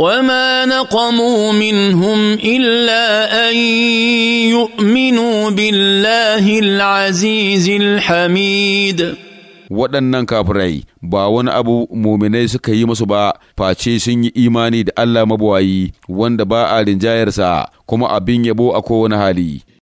وما نقموا منهم الا ان يؤمنوا بالله العزيز الحميد waɗannan kafirai ba wani abu muminai suka yi musu ba face sun yi imani da Allah mabuwayi wanda ba a rinjayarsa kuma abin yabo a kowane hali